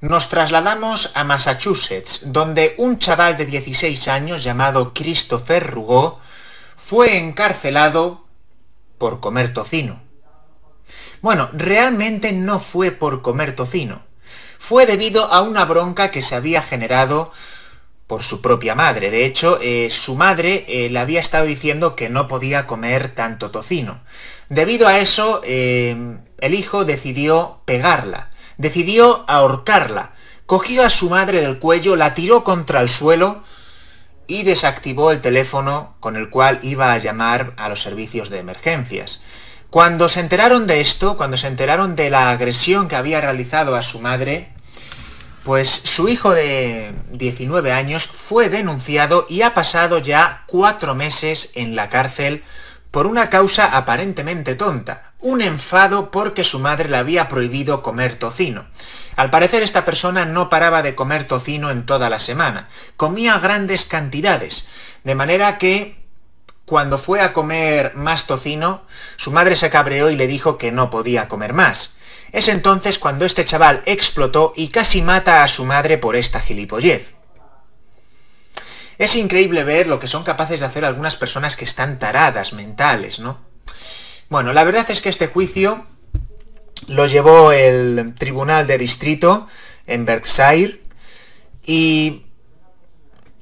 Nos trasladamos a Massachusetts, donde un chaval de 16 años llamado Christopher Rugo fue encarcelado por comer tocino. Bueno, realmente no fue por comer tocino. Fue debido a una bronca que se había generado por su propia madre. De hecho, eh, su madre eh, le había estado diciendo que no podía comer tanto tocino. Debido a eso, eh, el hijo decidió pegarla decidió ahorcarla. Cogió a su madre del cuello, la tiró contra el suelo y desactivó el teléfono con el cual iba a llamar a los servicios de emergencias. Cuando se enteraron de esto, cuando se enteraron de la agresión que había realizado a su madre, pues su hijo de 19 años fue denunciado y ha pasado ya cuatro meses en la cárcel por una causa aparentemente tonta, un enfado porque su madre le había prohibido comer tocino. Al parecer esta persona no paraba de comer tocino en toda la semana, comía grandes cantidades, de manera que cuando fue a comer más tocino, su madre se cabreó y le dijo que no podía comer más. Es entonces cuando este chaval explotó y casi mata a su madre por esta gilipollez. Es increíble ver lo que son capaces de hacer algunas personas que están taradas, mentales, ¿no? Bueno, la verdad es que este juicio lo llevó el Tribunal de Distrito en Berkshire y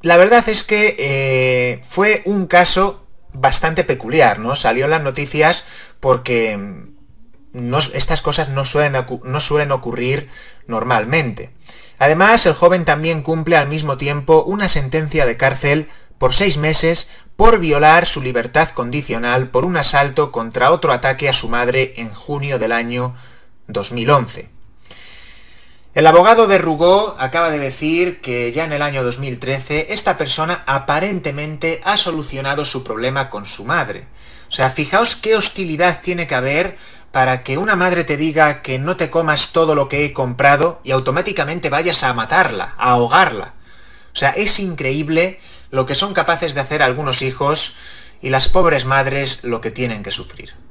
la verdad es que eh, fue un caso bastante peculiar, ¿no? Salió en las noticias porque estas cosas no suelen, no suelen ocurrir normalmente. Además, el joven también cumple al mismo tiempo una sentencia de cárcel por seis meses por violar su libertad condicional por un asalto contra otro ataque a su madre en junio del año 2011. El abogado de Rugó acaba de decir que ya en el año 2013 esta persona aparentemente ha solucionado su problema con su madre. O sea, fijaos qué hostilidad tiene que haber para que una madre te diga que no te comas todo lo que he comprado y automáticamente vayas a matarla, a ahogarla. O sea, es increíble lo que son capaces de hacer algunos hijos y las pobres madres lo que tienen que sufrir.